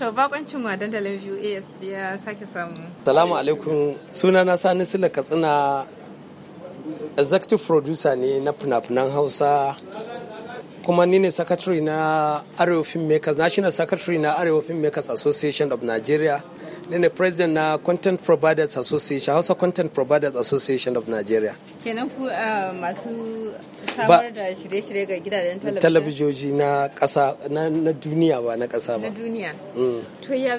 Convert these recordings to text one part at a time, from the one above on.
To wa dandalin VOAS ya sake samu. Salamu alaikum sunana Sani Sula Katsina executive producer ne na fina Hausa kuma ni ne secretary na Arewa Filmmakers National Secretary na Arewa Filmmakers Association of Nigeria nene ne president na content providers association hausa content providers association of nigeria kenan ku ah, masu samar da shirye-shirye ga gidajen talabijoji na kasa na duniya ba na kasa ba na duniya mm. to ya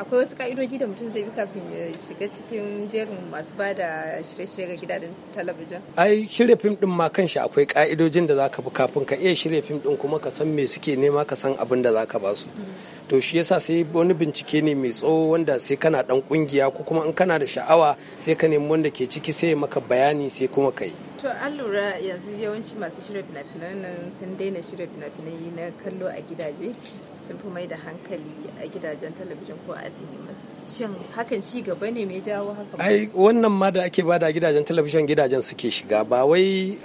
akwai wasu ka'idoji da mutum zai bi kafin ya shiga cikin jerin masu ba da shirye-shirye ga gidajen talabijin? ai shirya fim din ma kan shi akwai ka'idojin da zaka bi kafin ka iya shirya fim din kuma ka san me suke nema ka san abin da zaka ba su. Mm. to shi yasa sai wani bincike ne mai tsawo wanda sai kana dan kungiya ko kuma in kana da sha'awa sai ka nemi wanda ke ciki sai maka bayani sai kuma kai to an lura yanzu yawanci masu shirya fina-finan nan sun daina shirya fina-finai na kallo a gidaje sun fi mai da hankali a gidajen talabijin ko a sinimas shin hakan ci gaba ne mai jawo haka ai wannan ma da ake bada gidajen talabijin gidajen suke shiga ba wai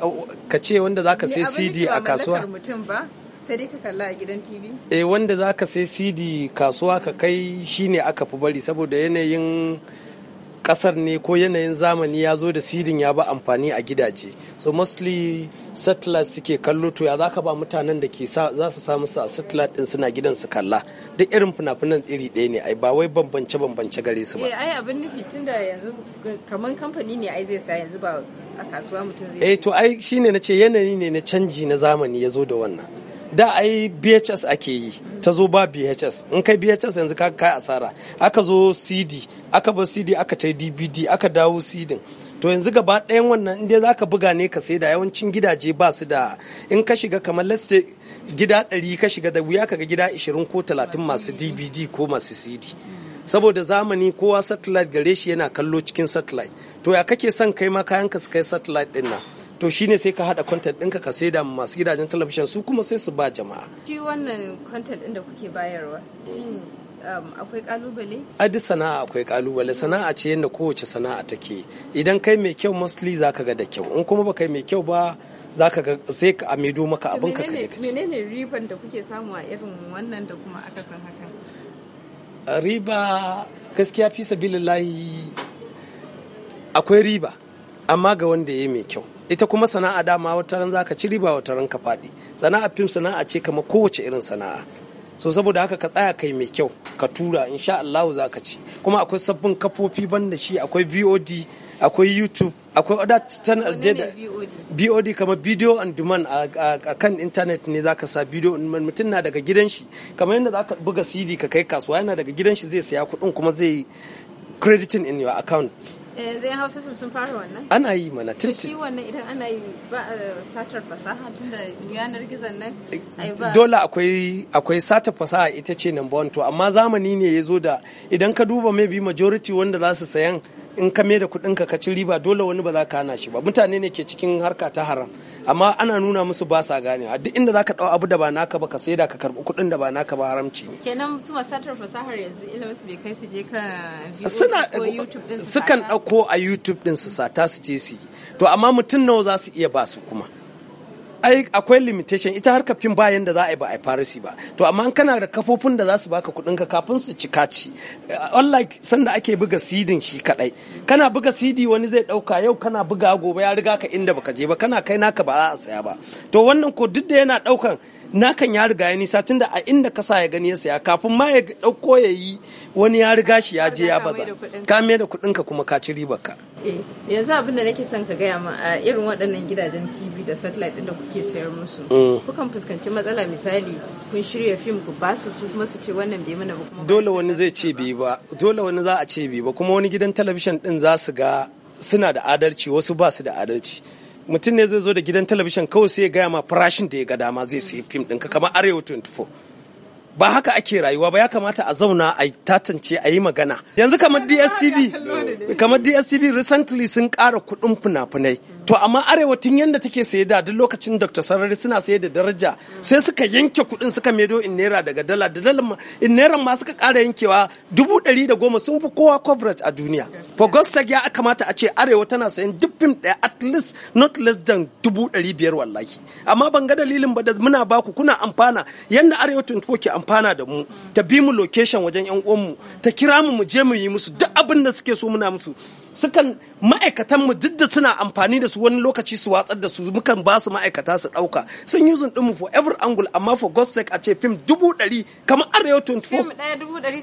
ka ce wanda zaka sai cd a kasuwa mutum ba sai dai ka kalla a gidan tv eh wanda za ka sai cd kasuwa ka kai shine aka fi bari saboda yanayin kasar ne ko yanayin zamani ya zo da sidin ya ba amfani a gidaje so mostly satellite suke kallo to ya za ka ba mutanen da ke za su samu su a satellite din suna gidan su kalla duk irin fina-finan iri ɗaya ne ai ba wai bambance bambance gare su ba eh ai abin nufi tunda yanzu kaman kamfani ne ai zai sa yanzu ba a kasuwa mutum zai eh to ai shine nace yanayi ne na canji na zamani ya zo da wannan da ai bhs ake yi ta zo ba bhs in kai bhs yanzu ka kai asara aka zo cd aka bar cd aka ta dvd aka dawo cd to yanzu gaba ɗayan wannan inda za ka buga ne ka sai da yawancin gidaje ba su da in ka shiga kamar let's gida ɗari ka shiga da wuya ka ga gida 20 ko talatin masu dvd ko masu cd saboda zamani kowa satellite gare shi yana kallo cikin satellite to ya kake son kai ma kayan ka su kai satellite ɗin nan to shine sai ka hada content ɗinka ka saida masu gidajen talabijin su kuma sai su ba jama'a shi wannan content ɗin da kuke bayarwa um, akwai kalubale? a duk sana'a akwai kalubale sana'a ce yadda kowace sana'a take idan kai mai kyau mostly za ka ga da kyau in kuma ba kai mai kyau ba za ka ga sai ka amido maka abin ka kaje kaje menene riban da kuke samu a irin wannan da kuma aka san hakan riba gaskiya fi sabilillahi akwai riba amma ga wanda ya yi mai kyau ita kuma sana'a dama wata ran zaka ci riba wata ran ka faɗi sana'a fim sana'a ce kama kowace irin sana'a so saboda haka ka tsaya kai mai kyau ka tura insha Allah za ka ci kuma akwai sabbin kafofi banda shi akwai VOD akwai YouTube akwai other channel da VOD kamar video on demand a kan internet ne za ka sa video mutum na daga gidan shi kamar yadda za ka buga CD ka kai kasuwa yana daga gidan shi zai saya kuɗin kuma zai crediting in your account yanzu eh, yan hausa sun fara wannan ana yi mana tuntun shi wannan idan ana yi ba eh, satar fasaha tun da yanar gizon nan eh, dole akwai akwai satar fasaha ita ce number one to amma zamani ne ya zo da idan ka duba maybe majority wanda za su sayan in ka mai da kuɗin ka ka ci riba dole wani ba za ka hana shi ba mutane ne ke cikin harka ta haram amma ana nuna musu ba sa gane a duk inda za ka ɗau abu da ba naka ba ka sai da ka karɓi kuɗin da ba naka ba haramci ne kenan su masatar fasahar yanzu ilimin su bai kai su je kan suna sukan ɗauko a youtube din su sata su je su to amma mutum nawa za su iya ba su kuma ai akwai limitation ita har fim bayan da za a yi ba a farisi ba to amma kana da kafofin da za su baka kuɗin ka kafin su cika ci uh, unlike sanda ake buga sidin shi kadai kana buga sidi wani zai dauka yau kana buga gobe ya riga ka inda baka je ba kana kai naka ba za a saya ba to wannan ko duk da yana daukan nakan ya riga ya nisa tunda a inda ka sa ya gani ya saya kafin ma ya dauko ya yi wani ya riga shi ya je ya baza ka mai da kuɗinka kuma ka ci ribar ka eh, yanzu abin da nake son ka gaya ma a irin waɗannan gidajen tv da satellite da kuke sayar musu mm. kukan fuskanci matsala misali kun shirya fim ku ba su su kuma su ce wannan bai mana ba dole wani zai ce bai ba dole wani za a ce bai ba kuma wani gidan talabijin din za su ga suna da adalci wasu ba su da adalci mutum ne zai zo da gidan talabijin kawai sai ya gaya ma farashin da ya ga dama zai sayi fim ka kamar arewa 24 ba haka ake rayuwa ba ya kamata a zauna a tatance a yi magana yanzu kamar dstv kamar dstv recently sun ƙara kuɗin fina to amma arewa tun yadda take saye da duk lokacin dr sarari suna saye da daraja sai suka yanke kuɗin suka medo in naira daga dala da dala in naira ma suka ƙara yankewa dubu ɗari da goma sun fi kowa coverage a duniya for god's sake ya kamata a ce arewa tana sayan duk fim daya at least not less than dubu ɗari biyar wallahi amma ban ga dalilin ba da muna baku kuna amfana yadda arewa 24 ke amfana amfana da mu ta bi mu location wajen yan uwanmu ta kira mu mu je mu yi musu duk abin da suke so muna musu sukan ma'aikatan mu duk da suna amfani da su wani lokaci su watsar da su mukan ba su ma'aikata su dauka sun yi zun dinmu for every angle amma for god's sake a ce fim dubu dari kamar arewa 24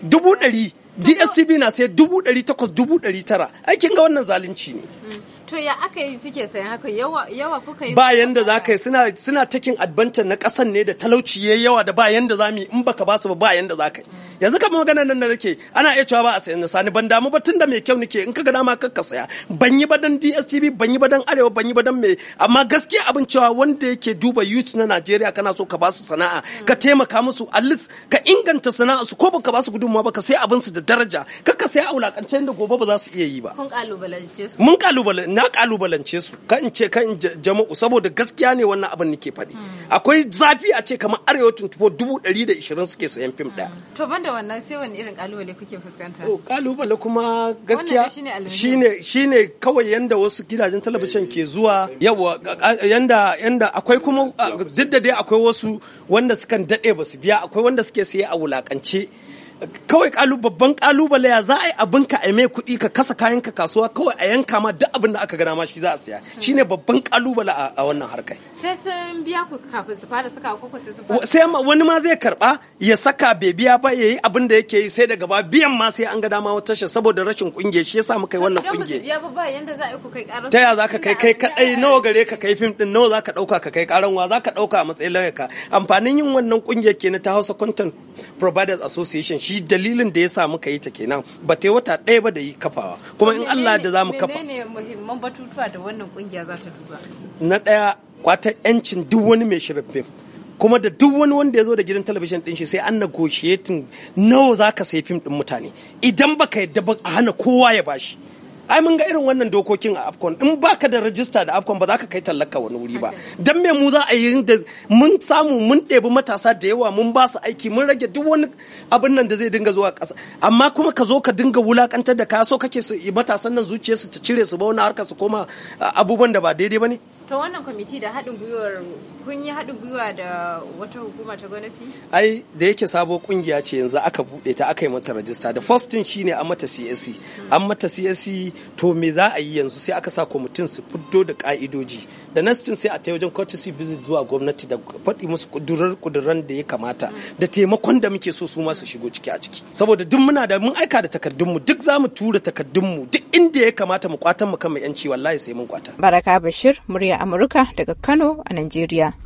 dubu dari dstv na sai dubu dari takwas dubu dari tara aikin ga wannan zalunci ne mm. to ya aka yi suke sayan haka yawa yawa kuka yi ba yanda za ka yi suna suna taking advantage na kasan ne da talauci ya yawa da ba yanda za mu yi in baka ba su ba ba yanda za ka yi yanzu kamar maganar nan da nake ana iya cewa ba a sayan nasa ni ban damu ba tunda mai kyau nake in ka ga dama ka saya ban yi badan DSTV ban yi badan Arewa ban yi badan mai amma gaskiya abin cewa wanda yake duba youth na Najeriya kana so ka ba su sana'a ka taimaka musu at least ka inganta sana'a su ko baka ba su gudunmawa ba ka sai abin su da daraja ka sai a wulakance da gobe ba za su iya yi ba mun kalubalance su mun kalubalance na kalubalance su kan ce kan jama'u saboda gaskiya ne wannan abin nake faɗi akwai zafi a ce kamar arewa 24 dubu ɗari da ishirin suke sayan fim ɗaya mm. to banda wannan sai wani irin kalubale kuke fuskanta to kalubale kuma gaskiya shine shine kawai yanda wasu gidajen talabijin ke zuwa yawa yanda yanda akwai kuma duk da dai akwai wasu wanda sukan daɗe ba su biya akwai wanda suke saye a wulakance kawai babban kalubale ya za a yi abin ka aime kuɗi ka kasa kayan ka kasuwa kawai a yanka ma duk abin da aka gana ma shi za a siya shine babban kalubale a wannan harkai sai sun biya ku kafin su fara saka ko sai sun fara sai wani ma zai karba ya saka bai biya ba yayi abin da yake yi sai daga ba biyan ma sai an ga dama wata shi saboda rashin kunge shi yasa muka yi wannan kungiya biya ba ba yanda za a yi ku kai karan ta ya za ka kai kai kadai nawa gare ka kai fim din nawa za ka dauka ka kai karan wa za ka dauka a matsayin lawyer ka amfanin yin wannan kunge ke na ta Hausa Content Providers Association shi shi dalilin da ya sa muka yi ta kenan ba ta wata ɗaya ba da yi kafawa kuma in Allah da za mu kafa menene muhimman batutuwa da wannan kungiya za ta duba na ɗaya kwata yancin duk wani mai shirin fim kuma da duk wani wanda ya zo da gidan talabijin din shi sai an negotiating nawa zaka sai fim din mutane idan baka yadda ba a hana kowa ya bashi ai mun ga irin wannan dokokin a afcon in baka da rajista da afcon ba za ka kai tallaka wani wuri ba dan me mu za a yi da mun samu mun ɗebi matasa da yawa mun ba su aiki mun rage duk wani abin nan da zai dinga zuwa ƙasa amma kuma ka zo ka dinga wulakantar da ka so kake su matasan nan zuciya su cire su ba wani harka su koma abubuwan da ba daidai ba ne to wannan kwamiti da haɗin gwiwar kun yi haɗin gwiwa da wata hukuma ta gwamnati? ai da yake sabo kungiya ce yanzu aka buɗe ta aka yi mata rajista da first thing shine e. an mata csc an mata csc to me za a yi yanzu sai aka sa kwamitin su fito da ka'idoji da nastin sai a ta wajen courtesy visit zuwa gwamnati da faɗi musu kudurar kuduran da ya kamata da taimakon da muke so su ma su shigo ciki a ciki saboda duk muna da mun aika da takardun mu duk za mu tura takardunmu duk inda ya kamata mu kwatan mu kan mai yanci wallahi sai mun kwata baraka bashir murya amurka daga kano a najeriya